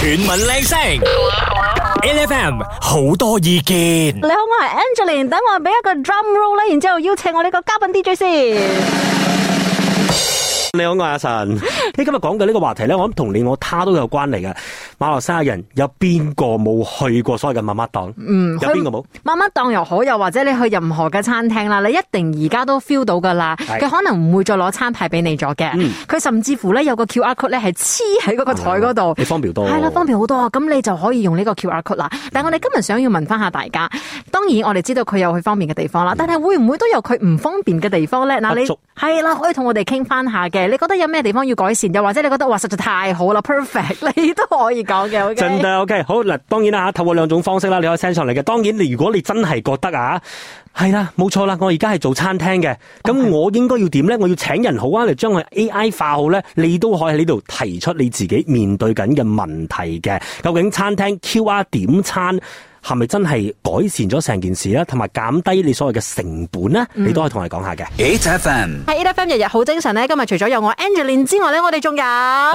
全民靚聲 ，LFM 好多意見。你好，我係 Angeline，等我俾一個 drum roll 咧，然之後邀請我呢個嘉賓 DJ 先。你好，我阿神，你、hey，今日講嘅呢個話題咧，我諗同你我他都有關嚟嘅。馬來西亞人有邊個冇去過所謂嘅媽媽檔？嗯，有邊個冇？媽媽檔又好，又或者你去任何嘅餐廳啦，你一定而家都 feel 到噶啦。佢可能唔會再攞餐牌俾你咗嘅。嗯，佢甚至乎咧有個 QR code 咧，係黐喺嗰個台嗰度，你方便多係啦，方便好多。咁你就可以用呢個 QR code 啦。但係我哋今日想要問翻下大家，當然我哋知道佢有去方便嘅地方啦，但係會唔會都有佢唔方便嘅地方咧？嗱、嗯，你係啦、啊，可以同我哋傾翻下嘅。你覺得有咩地方要改善，又或者你覺得哇實在太好啦 perfect，你都可以講嘅，O K。真係 O K，好嗱，當然啦吓，透過兩種方式啦，你可以 send 上嚟嘅。當然，你如果你真係覺得啊，係啦，冇錯啦，我而家係做餐廳嘅，咁我應該要點呢？我要請人好啊，嚟將佢 A I 化好呢。你都可以喺呢度提出你自己面對緊嘅問題嘅。究竟餐廳 Q R 點餐？係咪真係改善咗成件事咧？同埋減低你所謂嘅成本咧、嗯？你都可以同我講下嘅。好 FM 係好 FM 日日好精神咧。今日除咗有我 Angeline 之外咧，我哋仲有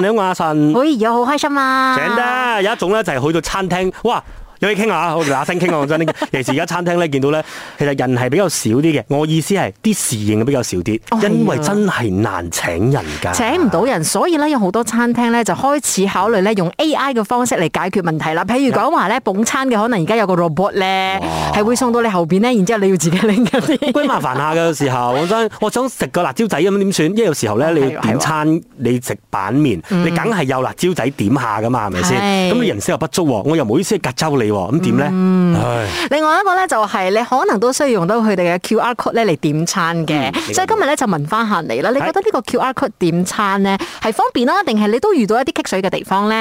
你阿神。好，而家好開心啊！請得有一種咧，就係去到餐廳，哇！有嘢傾下好，我哋嗱聲傾下。講真，其實而家餐廳咧，見到咧，其實人係比較少啲嘅。我意思係啲侍應比較少啲，因為真係難請人㗎、哦。請唔到人，所以咧有好多餐廳咧就開始考慮咧用 AI 嘅方式嚟解決問題啦。譬如講話咧，捧餐嘅可能而家有個 robot 咧，係會送到你後邊咧，然之後你要自己拎緊啲。鬼 麻煩下嘅時候，講真，我想食個辣椒仔咁樣點算？因為有時候咧你要點餐你食板麵，你梗係有辣椒仔點下㗎嘛，係咪先？咁你人手又不足喎，我又唔好意思隔洲你。咁點呢？嗯、另外一個呢，就係你可能都需要用到佢哋嘅 QR code 咧嚟點餐嘅，所以今日呢，就問翻下你啦。你覺得呢個 QR code 點餐呢，係方便啦，啊，定係你都遇到一啲棘手嘅地方呢？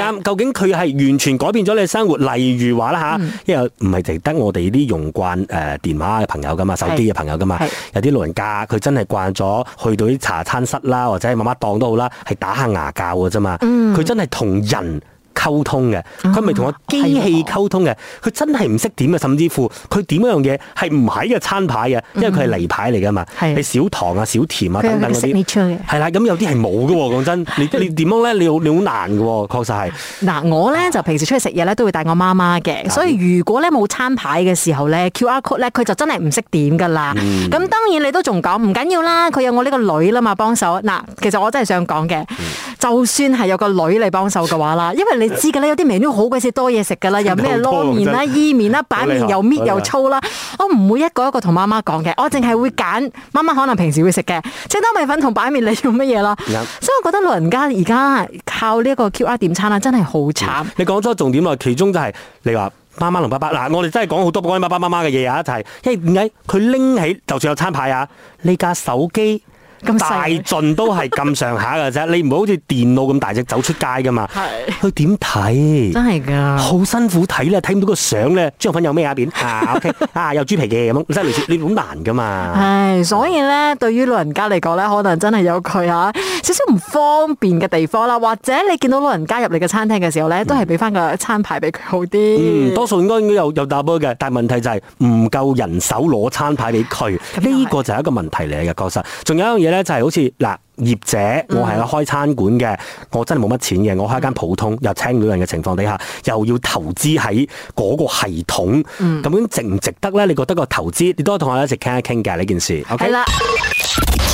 啱，究竟佢係完全改變咗你嘅生活，例如話啦吓，因為唔係淨得我哋啲用慣誒電話嘅朋友㗎嘛，手機嘅朋友㗎嘛，有啲老人家佢真係慣咗去到啲茶餐室啦，或者嘛嘛檔都好啦，係打下牙鉸嘅啫嘛，佢、嗯、真係同人。溝通嘅，佢咪同我機器溝通嘅，佢真係唔識點嘅，甚至乎佢點一樣嘢係唔喺嘅餐牌嘅，因為佢係例牌嚟嘅嘛，係、嗯、少糖啊、少甜啊等等。嗰啲。唔識係啦，咁有啲係冇嘅喎，講 真，你你點樣咧？你呢你，好你好難嘅喎，確實係。嗱、啊，我咧就平時出去食嘢咧都會帶我媽媽嘅、啊，所以如果咧冇餐牌嘅時候咧，QR code 咧佢就真係唔識點㗎啦。咁、嗯、當然你都仲講唔緊要啦，佢有我呢個女啦嘛幫手。嗱，其實我真係想講嘅、嗯，就算係有個女嚟幫手嘅話啦，因為你 你知噶啦，有啲 menu 好鬼死多嘢食噶啦，有麵 麵又咩撈麵啦、意麵啦、板麵又搣又粗啦， 我唔會一個一個同媽媽講嘅，我淨係會揀媽媽可能平時會食嘅，整多米粉同板麵你要乜嘢咯？ 所以我覺得老人家而家靠呢一個 QR 點餐啊，真係好慘。嗯、你講咗重點咯，其中就係、是、你話媽媽同爸爸嗱、啊，我哋真係講好多關於爸爸媽媽嘅嘢啊，就係、是、因為點解佢拎起就算有餐牌啊，呢架手機。咁大盡都係咁上下㗎啫， 你唔好好似電腦咁大隻走出街噶嘛。係，佢點睇？真係㗎，好辛苦睇咧，睇唔到個相咧， 豬肉粉有咩啊？麵？啊？OK，啊有豬皮嘅咁樣，真係 你好難㗎嘛。係，所以咧，對於老人家嚟講咧，可能真係有佢啊少少唔方便嘅地方啦。或者你見到老人家入嚟嘅餐廳嘅時候咧，都係俾翻個餐牌俾佢好啲。嗯，多數應該應該有有打波嘅，但係問題就係唔夠人手攞餐牌俾佢，呢、 呢個就係一個問題嚟嘅，確實。仲有一樣嘢咧就係、是、好似嗱，業者我係開餐館嘅，嗯，我真係冇乜錢嘅，我開間普通，嗯、又請唔到人嘅情況底下，又要投資喺嗰個系統，咁，嗯、樣值唔值得咧？你覺得個投資，你都可以同我一齊傾一傾嘅呢件事。OK 啦。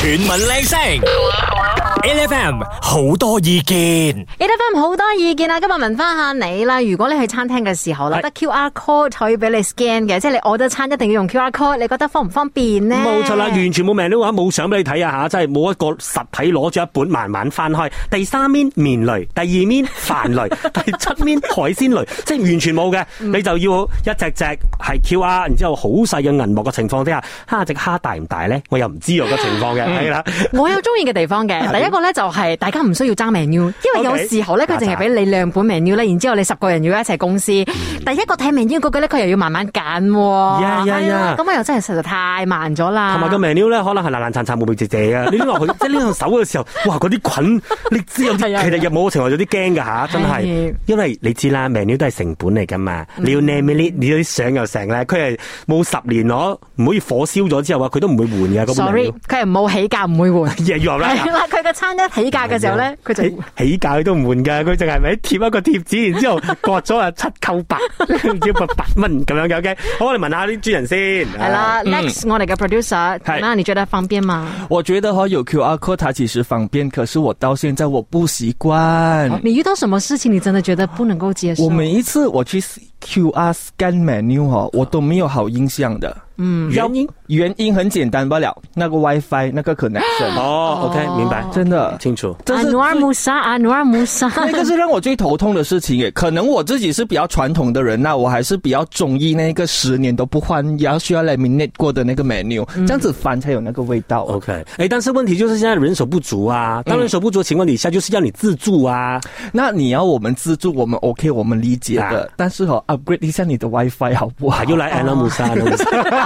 全民靚聲，ALFM 好多意見，ALFM 好多意見啊！今日問翻下你啦，如果你去餐廳嘅時候啦，得 QR code 可以俾你 scan 嘅，即係你 order 餐一定要用 QR code，你覺得方唔方便呢？冇錯啦，完全冇名嘅話冇相俾你睇啊吓！即係冇一個實體攞住一本慢慢翻開，第三面麵類，第二面飯類， 第七面海鮮類， 即係完全冇嘅、嗯，你就要一只只係 QR，然之後好細嘅銀幕嘅情況之下，蝦隻蝦大唔大咧？我又唔知道個情況嘅。 係啦，我有中意嘅地方嘅，第一個咧就係大家唔需要爭 menu，因為有時候咧佢淨係俾你兩本 menu 咧，然之後你十個人要一齊公司，第一個睇 menu 嗰個咧佢又要慢慢揀，係啊，咁啊又真係實在太慢咗啦。同埋個 menu 咧可能係爛爛殘殘、毛毛直直啊，你拎落去即係拎下手嘅時候，哇，嗰啲菌你知有，其實又冇個情況有啲驚噶吓，真係，因為你知啦，menu 都係成本嚟噶嘛，你要 name 呢啲，你啲相又成咧，佢係冇十年攞，唔可以火燒咗之後啊，佢都唔會換嘅嗰本 menu，佢係冇起。起價唔會換，係、yeah, 啦、right. 佢個餐廳起價嘅時候咧，佢、mm-hmm. 就起價都唔換噶，佢淨係咪貼一個貼紙，然之後割咗啊七扣 知八，只要八八蚊咁樣嘅。OK，好，我哋問下啲主人先，係啦，next 我哋嘅 producer，係，你覺得方便嘛？我覺得有 QR code 其實方便，可是我到現在我不習慣、啊。你遇到什麼事情，你真的覺得不能夠接受、啊？我每一次我去 QR scan menu 嗬，我都沒有好印象的。嗯，原，原因原因很簡單不了，那個 WiFi 那個 connection 哦，哦，OK 明白，真的 okay, 清楚。這是努爾穆沙，努爾穆沙，Musa, 那個是讓我最頭痛的事情耶。可能我自己是比較傳統的人、啊，啦，我還是比較中意那個十年都不換，然後需要 laminate 過的那個 menu，、嗯、這樣子翻才有那個味道、哦。OK，哎，但是問題就是現在人手不足啊。當人手不足情況底下，就是要你自助啊、嗯。那你要我們自助，我們 OK，我們理解的。啊、但是哈、哦，upgrade 一下你的 WiFi 好不好、啊？又來努爾穆沙了。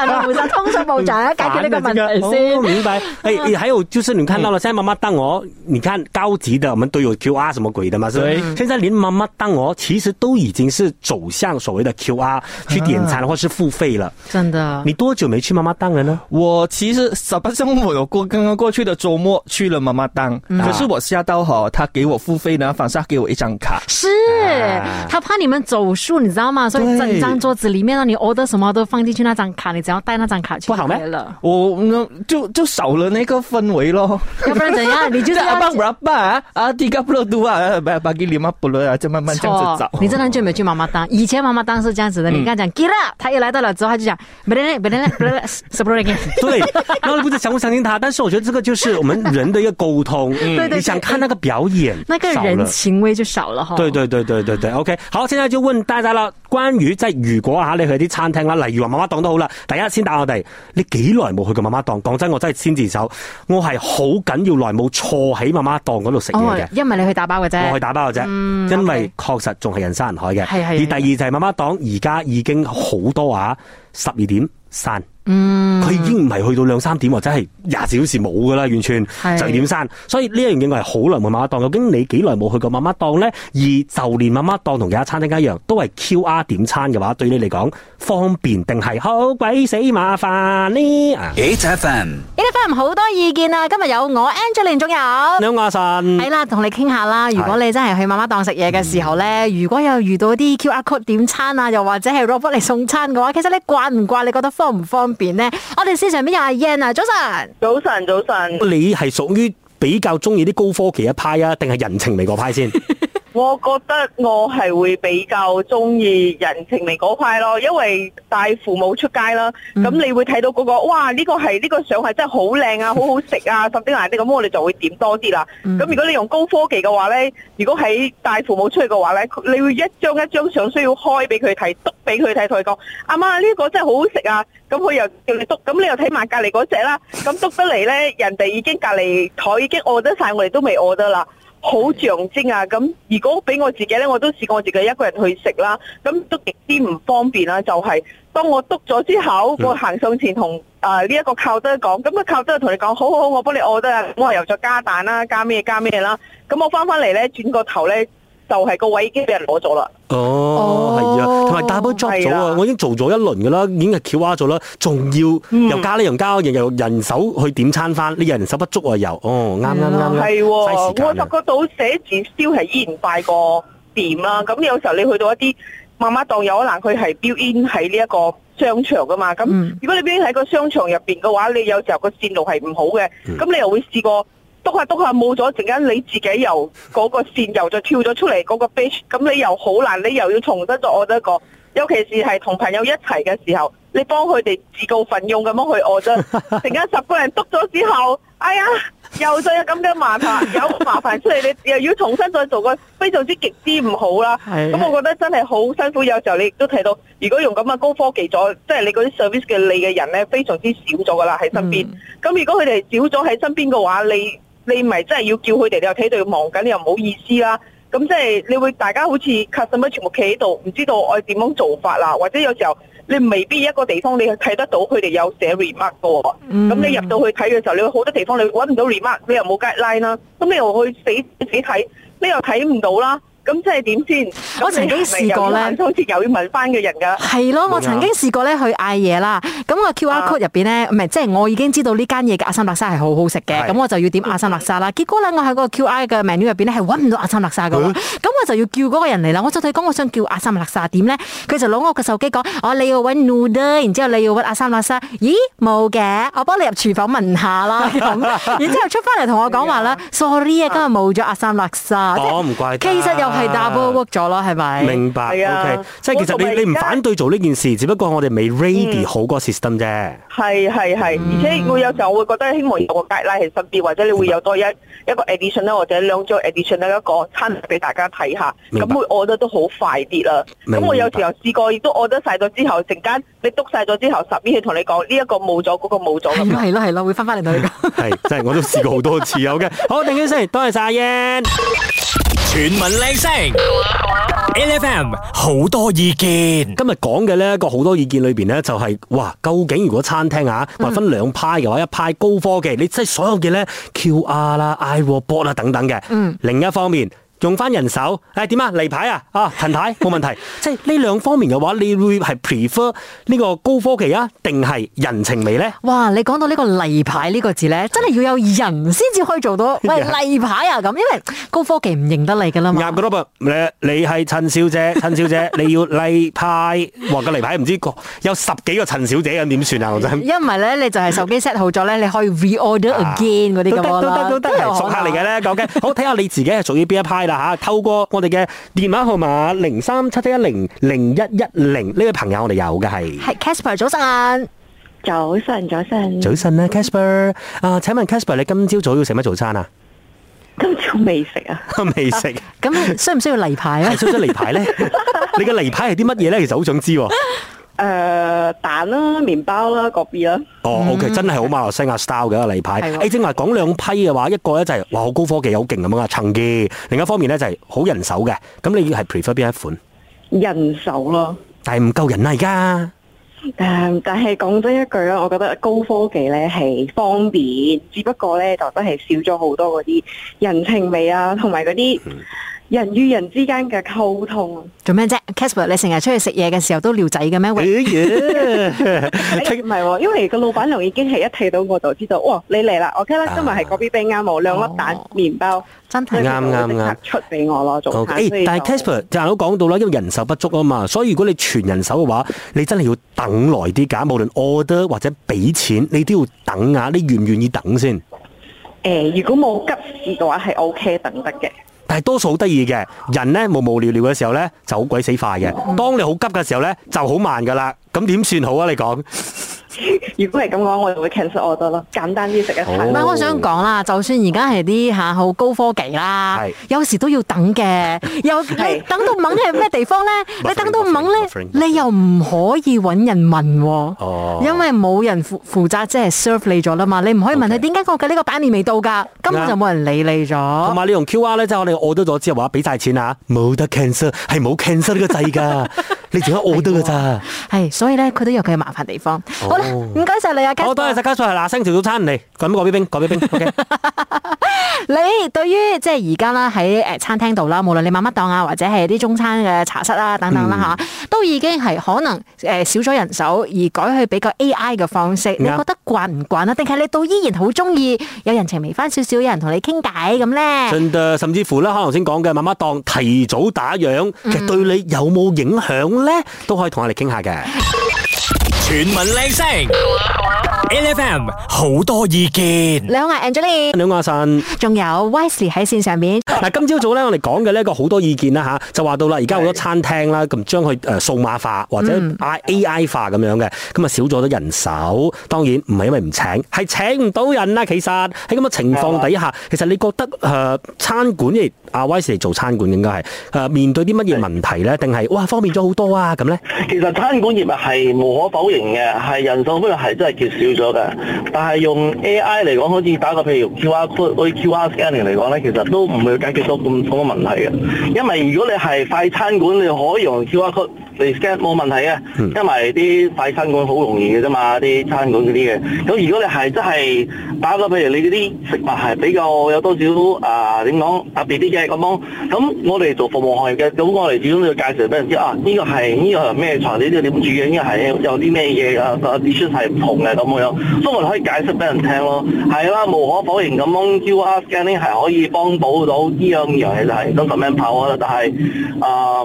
啊、通訊部長，解決呢個問題先。我、這個哦哦、明白。 哎，哎還有就是你看到了，嗯、現在媽媽當哦，你看高級的，我們都有 QR 什麼鬼的嘛？不是、嗯、現在連媽媽當哦，其實都已經是走向所謂的 QR 去點餐或是付費了。真、啊、的，你多久沒去媽媽當了呢？我其實什麼周末有過，剛剛過去的周末去了媽媽當、嗯、可是我下到嗬，他給我付費呢，反而係給我一張卡。是、啊，他怕你們走數，你知道嗎？所以整張桌子裏面讓你 order 什麼都放進去那張卡，那張卡你知道嗎？知。然後帶那張卡去了不好嗎，我就就少了那個氛圍嘍。要不然怎樣？你就要爸爸啊，都啊，給啊，就慢慢這樣子找。你真的就沒去媽媽當，以前媽媽當是這樣子的。你剛，剛講給來到了之後，就講：，嗯、 對，我不知相不相信他。但是我覺得這個就是我們人的一個溝通。 嗯、對，對，對對，你、嗯、想看那個表演、欸，那個人情味就少了哈。對對對對對對，OK。好，現在就問大家了，關於在如果哈，你去啲餐廳啦，例如話媽媽檔都好啦，先打我哋，你幾耐冇去過媽媽檔？講真，我真千，我真係先自首。我係好緊要耐冇坐喺媽媽檔嗰度食嘢嘅。因為你去打包嘅啫，我去打包嘅啫、嗯。因為確實仲係人山人海嘅、嗯 okay。而第二就係媽媽檔，而家已經好多啊！十二點散。嗯，佢已經唔係去到兩三點，或者係廿小時冇噶啦，完全就點餐。所以呢一樣嘢我係好耐冇媽媽檔。究竟你幾耐冇去過媽媽檔呢？而就連媽媽檔同其他餐廳一樣，都係 Q R 點餐嘅話，對你嚟講方便定係好鬼死麻煩呢？Eight FM，Eight FM 好多意見啊！今日有我 Angeline，仲有你好亞順，係啦，同你傾下啦。如果你真係去媽媽檔食嘢嘅時候呢，嗯，如果有遇到啲 Q R code 點餐啊，又或者係 robot 嚟送餐嘅話，其實你慣唔慣？你覺得方唔方便？邊咧？我哋線上邊有阿 Ian 啊，早晨，早晨，早晨。你係屬於比較中意啲高科技一派啊，定係人情味嗰派先？ 我覺得我係會比較中意人情味嗰派咯，因為帶父母出街啦，咁你會睇到嗰個，哇！呢個係呢個相係真係好靚啊，好好食啊，甚至係啲顏色咁我哋就會點多啲啦。咁如果你用高科技嘅話呢，如果喺帶父母出去嘅話呢，你會一張一張相需要開俾佢睇，篤俾佢睇，同佢講：阿媽呢個真係好好食啊！咁佢又叫你篤，咁你又睇埋隔離嗰隻啦。咁篤得嚟呢，人哋已經隔離台已經餓得晒，我哋都未餓得啦。好象徵啊！咁如果俾我自己呢，我都試過我自己一個人去食啦，咁都極之唔方便啦。就係、是、當我篤咗之後，我行上前同誒呢一個靠德講，咁個靠德同你講，好好好，我幫你餓得啦，我又再加蛋啦，加咩加咩啦，咁我翻返嚟呢，轉個頭呢。就係個位已經俾人攞咗啦。哦，係啊，同埋打包執咗啊，我已經做咗一輪嘅啦，已經係翹蝦咗啦，仲要又加呢樣加嗰樣，又人手去點餐翻，啲人手不足啊又。哦，啱啱啱啦。係喎，我感覺到寫字燒係依然快過店啦。咁有時候你去到一啲媽媽檔，有可能佢係 built in 喺呢一個商場噶嘛。咁如果你 built in 喺個商場入邊嘅話，你有時候個線路係唔好嘅，咁你又會試過。篤下篤下冇咗，陣間你自己由嗰個線又再跳咗出嚟嗰個 bench 咁你又好難，你又要重新再我呢個，尤其是係同朋友一齊嘅時候，你幫佢哋自告奮勇咁樣去我啫。陣間十個人篤咗之後，哎呀，又再有咁嘅麻煩， 有麻煩出嚟，你又要重新再做個，非常之極之唔好啦。咁我覺得真係好辛苦。有時候你亦都睇到，如果用咁嘅高科技咗，即係你嗰啲 service 嘅你嘅人咧，非常之少咗噶啦喺身邊。咁、嗯、如果佢哋少咗喺身邊嘅話，你你唔係真係要叫佢哋，你又睇到忙緊，你又唔好意思啦。咁即係你會大家好似 customer 全部企喺度，唔知道我哋點樣做法啦。或者有時候你未必一個地方你睇得到佢哋有寫 remark 㗎喎。咁、mm-hmm. 你入到去睇嘅時候，你好多地方你搵唔到 remark，你又冇 guideline 啦。咁你又去死死睇，你又睇唔到啦。咁即係點先？我曾經試過咧，好似又要問翻嘅人㗎。係咯，我曾經試過咧去嗌嘢啦。咁、那個 QR code 入面咧，唔、啊、係即係我已經知道呢間嘢嘅阿三辣沙係好好食嘅。咁我就要點阿三辣沙啦。嗯、結果咧，我喺個 QR 嘅 menu 入面呢，係揾唔到阿三辣沙㗎。咁、嗯嗯、我就要叫嗰個人嚟啦。我就佢講，我想叫阿三辣沙點咧？佢就攞我嘅手機講：我、啊、你要揾 noodle，然之後你要揾阿三辣沙。咦，冇嘅。我幫你入廚房問下啦。 然之後出翻嚟同我講話啦。嗯嗯 sorry 啊，今日冇咗阿三辣沙。哦、唔怪得。其實又～係 double work 咗咯，係咪？明白。係啊，okay, 嗯、即係其實你你唔反對做呢件事，只不過我哋未 ready 好個 system 啫。係係係，而且我有時候我會覺得希望有個 guideline 喺身邊，或者你會有多一是是一個 addition 啦，或者兩張 addition 啦，一個攤俾大家睇下。明白。咁我我都都好快啲啦。明咁我有時候試過亦都我得晒咗之後，陣間你篤晒咗之後，十秒去同你講呢一個冇咗，嗰、嗰個冇咗咁樣。係咯係咯，會翻返嚟㗎。係 真係，我都試過好多次。OK， 好，定先多謝晒。阿全民靚聲，L F M 好多意見。今日講嘅呢個好多意見裏邊咧就係、是，哇！究竟如果餐廳啊，咪分兩派嘅話，一派高科技，你即係所有嘅咧 Q R 啦、QR, iworkboard 啦等等嘅。嗯，另一方面。用翻人手，係、哎、點啊？例牌啊，啊陳太冇問題，即係呢兩方面嘅話，你會係 prefer 呢個高科技啊，定係人情味咧？哇！你講到呢個例牌呢個字咧，真係要有人先至可以做到。喂，例牌啊咁，因為高科技唔認得你噶啦嘛。廿個你係陳小姐，陳小姐你要例牌，我嘅例牌唔知有十幾個陳小姐咁點算啊？我真。因為咧，你就係手機 set 好咗咧，你可以 reorder again 嗰啲嘅都得都得都得，熟客嚟嘅咧，究竟。好，睇下你自己係屬於邊一派啦。透過我哋嘅電話號碼零三七七一零零一一零呢位朋友我哋有嘅係係 Casper 早晨早晨早晨早晨啦 Casper 啊,、Casper、啊請問 Casper 你今朝早要食乜早餐啊？今朝未食啊？未食咁需唔需要例牌啊？出唔出嚟牌咧？ 你嘅例牌係啲乜嘢咧？其實好想知。誒，蛋啦，麵包啦，個別啦。哦，OK，真係好馬來西亞 style 嘅例牌。誒，正話，講兩批嘅話，一個咧就係話好高科技、好勁咁樣，層嘅；另一方面咧就係好人手嘅。咁你要係 prefer 邊一款？人手咯。但係唔夠人啊而家。誒，但係講真一句啦，我覺得高科技咧係方便，只不過咧就真係少咗好多嗰啲人情味啊，同埋嗰啲。人與人之間嘅溝通做咩啫？Casper，你成日出去食嘢嘅時候都撩仔嘅咩？唔係喎，因為個老闆娘已經係一睇到我就知道，哇，你嚟啦！我、啊、今日今日係果味冰啱冇兩粒蛋、哦、麵包，真係啱啱啱出俾我咯。哦做 okay. 好，但係 Casper 就係都講到啦，因為人手不足啊嘛，所以如果你全人手嘅話，你真係要等耐啲㗎。無論 order 或者俾錢，你都要等啊！你願唔願意等先？誒、呃，如果冇急事嘅話，係 OK 的等得嘅。但係多數好得意嘅人呢，無無聊聊嘅時候呢，就好鬼死快嘅。當你好急嘅時候呢，就好慢噶啦。咁點算好啊？你講。 如果係咁話，我就會 cancel 我咗咯。簡單啲食一餐。唔、哦、係，我想講啦，就算而家係啲吓好高科技啦，有時都要等嘅。又 尤其是笑 你等到掹係咩地方咧？你等到掹咧，你又唔可以搵人問、啊。哦。因為冇人負負責，即係 serve 你咗啦嘛。你唔可以問佢點解我嘅呢個版年未到噶，okay。根本就冇人理你咗。同埋你用 QR 咧，即、就、係、是、我哋 order 咗咗之後話俾晒錢了啊，冇得 cancel，係冇 cancel 呢個掣噶。 你仲喺我得嘅咋？係，所以咧佢都有佢嘅麻煩地方。哦、好啦，唔該晒你啊，嘉俊。我多謝嘉俊，嗱聲條早餐嚟。咁改冰冰，改冰冰，O K。 Okay 你對於即係而家啦，喺餐廳度啦，無論你嘛嘛檔啊，或者係啲中餐嘅茶室啊等等啦、嗯、都已經係可能少咗人手，而改去比較 A I 嘅方式、嗯。你覺得習不習慣唔慣啊？定係你都依然好中意有人情味翻少少，有人同你傾偈咁咧？甚至乎咧，可能先講嘅嘛嘛檔提早打烊，其實對你有冇影響咧？都可以同我哋傾下嘅、嗯。全民靚聲。 L.F.M. 好多意見。你好啊，Angelina。你好啊，阿神。仲有 Wisey 喺綫上面。嗱，今朝早咧，我哋講嘅呢個好多意見啦吓，就話到啦，而家好多餐廳啦，咁將佢誒數碼化或者 AI 化咁、嗯、樣嘅，咁啊少咗咗人手。當然唔係因為唔請，係請唔到人啦。其實喺咁嘅情況底下，其實你覺得誒、呃、餐館阿、啊、Wisey 做餐館應該係誒面對啲乜嘢問題咧？定係哇方便咗好多啊？咁咧？其實餐館業啊係無可否認嘅，係人數不過係真係減少咗。有嘅，但係用 A I 嚟講，好似打個譬如 Q R code，好似 Q R scanning 嚟講咧，其實都唔會解決到咁多問題嘅。因為如果你係快餐館，你可以用 Q R code 嚟 scan 冇問題嘅，因為啲快餐館好容易嘅啫嘛，啲餐館嗰啲嘅。咁如果你係真係打個譬如你嗰啲食物係比較有多少啊，點、呃、講特別啲嘅咁樣。咁我哋做服務行業嘅，咁我哋始終要介紹俾人知啊，呢、這個係呢、這個咩料呢啲點煮嘅，呢、這個係、這個、有啲咩嘢啊啊，啲、這個、唔同嘅咁樣我唔可以解釋俾人聽咯，係啦，無可否認咁樣 QR scanning 咧係可以幫補到呢樣嘢，就係都咁樣跑啦，但係，啊。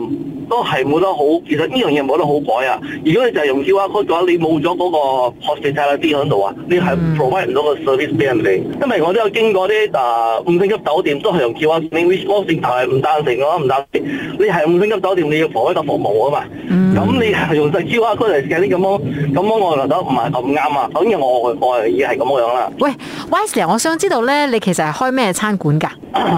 都係冇得好，其實呢樣嘢冇得好改啊！如果你就係用 QR code 嘅話，你冇咗嗰個客視差嗰啲喺度啊，你係 provide 唔到個 service 俾人哋。因為我都有經過啲誒、啊、五星級酒店，都係用 QR code，你 service 平唔達成嘅話，唔達你係五星級酒店，你要提一個服務啊嘛。咁、嗯、你用細 QR code 嚟食啲咁樣，咁我覺得唔係咁啱啊。當然我我已係咁樣啦。喂 y i s e 我想知道咧，你其實係開咩餐館㗎？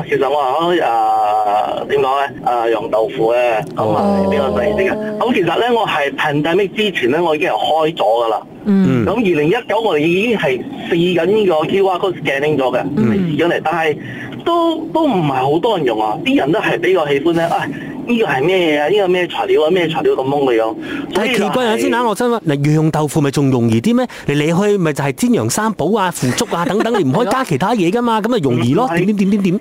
其實我係開誒點講咧，誒、啊、用、啊、豆腐咧。哦比較細啲嘅，咁其實咧，我係疫情之前咧，我已經係開咗噶啦。咁二零一九我哋已經係試緊呢個 QR code scanning 咗嘅，係試緊嚟，但係都都唔係好多人用啊！啲人都係比較喜歡咧、啊，啊呢、呢個係咩嘢啊？呢、呢個咩材料啊？咩材料咁蒙你咯？奇怪啊！先揦、就是、我真啦，嗱，釀豆腐咪仲容易啲咩？你嚟去咪就係煎釀三寶啊、腐竹啊等等，你唔可以加其他嘢噶嘛，咁 咪容易咯？點點點點點，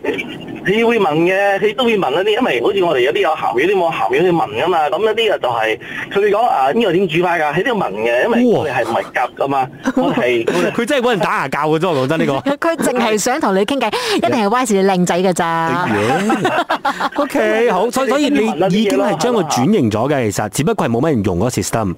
你會問嘅，佢都會問一啲，因為好似我哋有啲有鹹魚，啲，冇鹹魚去問㗎嘛？咁一啲啊就係佢哋講啊，呢、呢個點煮法㗎？喺度問嘅，因為佢哋係佢 真係搵人打牙鉸噶，都 講真呢個。佢淨係想同你傾偈，一定係 Y 靚仔噶咋。O K，好，所 以所以你已經係將佢轉型咗嘅， 其實只不過係冇乜人用嗰個 system，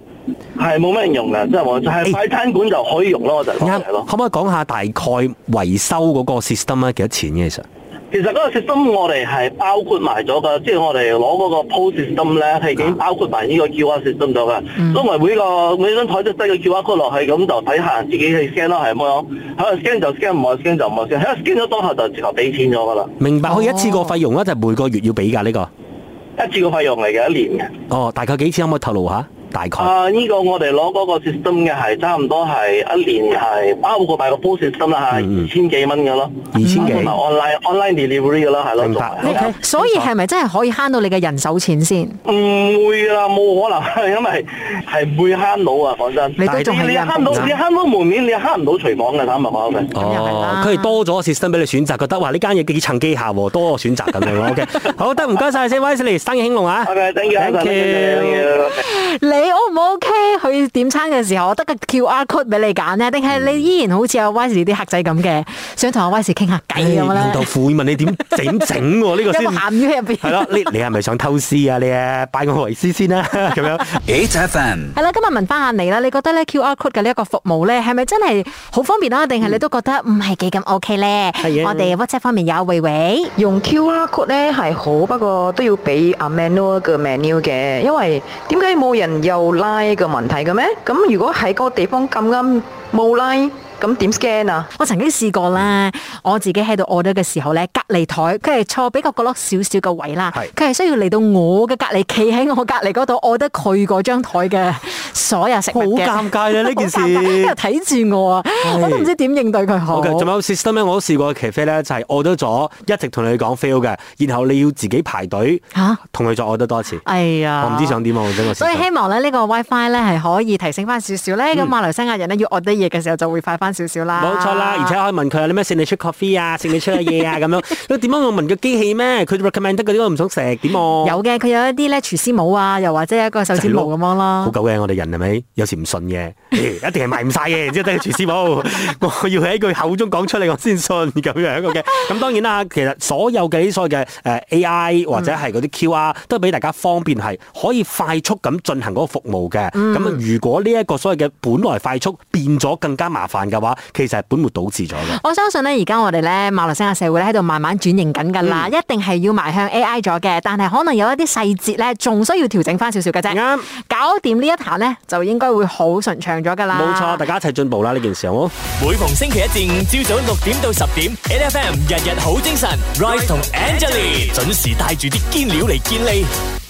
係冇乜人用噶，即、就、係、是欸、快餐館就可以用咯，我就係咯。可唔可以講下大概維修嗰個 system 幾多錢嘅其實的？其實嗰個 system 我哋係包括埋咗噶，即、就、係、是、我哋攞嗰個 post system 咧，係已經包括埋呢個 QR system 咗噶。都、嗯、唔每個每張台都低個，QR code 落去咁就睇下自己去 scan scan 咯，係冇 scan 就 scan，唔 scan 就唔 scan，scan 咗多下就之後直頭俾錢咗噶啦。明白，佢一次個費用咧就是、每個月要俾噶呢個、哦，一次個費用嚟嘅一年嘅。哦，大概幾錢，可唔可以透露下？大概啊！呢、uh, 個我哋攞嗰個 system 嘅係差唔多係一年係包括埋個2、嗯幾幾嗯、包 system 啦嚇，二千幾蚊嘅咯，二千幾 online delivery 嘅咯。okay, 所以係咪真係可以慳到你嘅人手錢先？唔、嗯、會啦，冇可能因為係會慳到啊！講真，你仲係你慳到你慳到門面，你慳唔到廚房嘅，坦白講嘅、嗯。哦，佢多咗 system 俾你選擇，覺得話呢間嘢幾層機喎，多選擇咁樣。好得唔該晒，先，Wesley 生意興隆啊！Okay, thank you, thank you 你 O 唔 O K？去點餐嘅時候，我得個 QR code 俾你揀咧，定係你依然好似阿 Y 是啲客仔咁嘅，想同阿 Y 是傾下偈咁咧？用到苦，問你點整整喎？呢個先有個鹹魚喺入邊。係咯，你你係咪想偷師啊？你啊，拜我為師先啦，咁樣。誒，Jonathan。係啦，今日問翻下你啦，你覺得咧 QR code 嘅呢一個服務咧，係咪真係好方便啊？定係你都覺得唔係幾咁 O K 咧？係嘅。我哋 WhatsApp 方面有維維。用 QR code 咧係好，不過都要俾阿 menu 個 menu 嘅，因為點解冇人有？有拉嘅問題嘅咩？咁如果喺嗰個地方咁啱冇拉？咁點 scan 啊？我曾經試過咧、嗯，我自己喺度 order 咗嘅時候咧、嗯，隔離台佢係坐比較角落少少嘅位啦，佢係需要嚟到我嘅隔離，企喺我隔離嗰度 order 得佢嗰張台嘅所有食物好尷尬呀、啊，呢 件事，跟住睇住我啊，我都唔知點應對佢。好，仲、okay，有 system、嗯、我都試過騎飛咧，就係 order 咗，一直同你講 fail 嘅，然後你要自己排隊同佢、啊、再 order 得多一次。哎呀，我唔知想點啊，真係。所以希望呢個 WiFi 咧係可以提醒翻少少咧，咁、嗯、馬來西亞人呢，要 order 得嘢嘅時候就會快翻。少少啦，冇錯啦，而且可以問佢你咩 send 你出 coffee 啊，send 你出嘢啊，咁 樣。點解我問個機器咩？佢 recommend 得嗰啲我唔想食，點、啊、有嘅，佢有一啲咧廚師帽啊，又或者一個壽司帽咁樣啦好狗嘅，我哋人係咪有時唔信嘅、欸？一定係賣唔晒嘅，只之後得個廚師帽， 我要喺佢口中講出嚟我先信咁樣嘅。咁當然啦，其實所有嘅啲所謂嘅誒 AI 或者係嗰啲 QR，都俾大家方便係可以快速咁進行嗰個服務嘅。咁如果呢一個所謂嘅本來快速變咗更加麻煩噶。話其實係本末倒置咗嘅。我相信咧，而家我哋咧馬來西亞社會咧喺度慢慢轉型緊噶啦，一定係要邁向 AI 咗嘅，但係可能有一啲細節咧仲需要調整翻少少嘅啫。啱，搞掂呢一壇咧，就應該會好順暢咗噶啦。冇錯，大家一齊進步啦！呢件事好，每逢星期一至五朝早六點到十點，N F M 日日好精神，Rise 同 Angelie 準時帶住啲堅料嚟建立。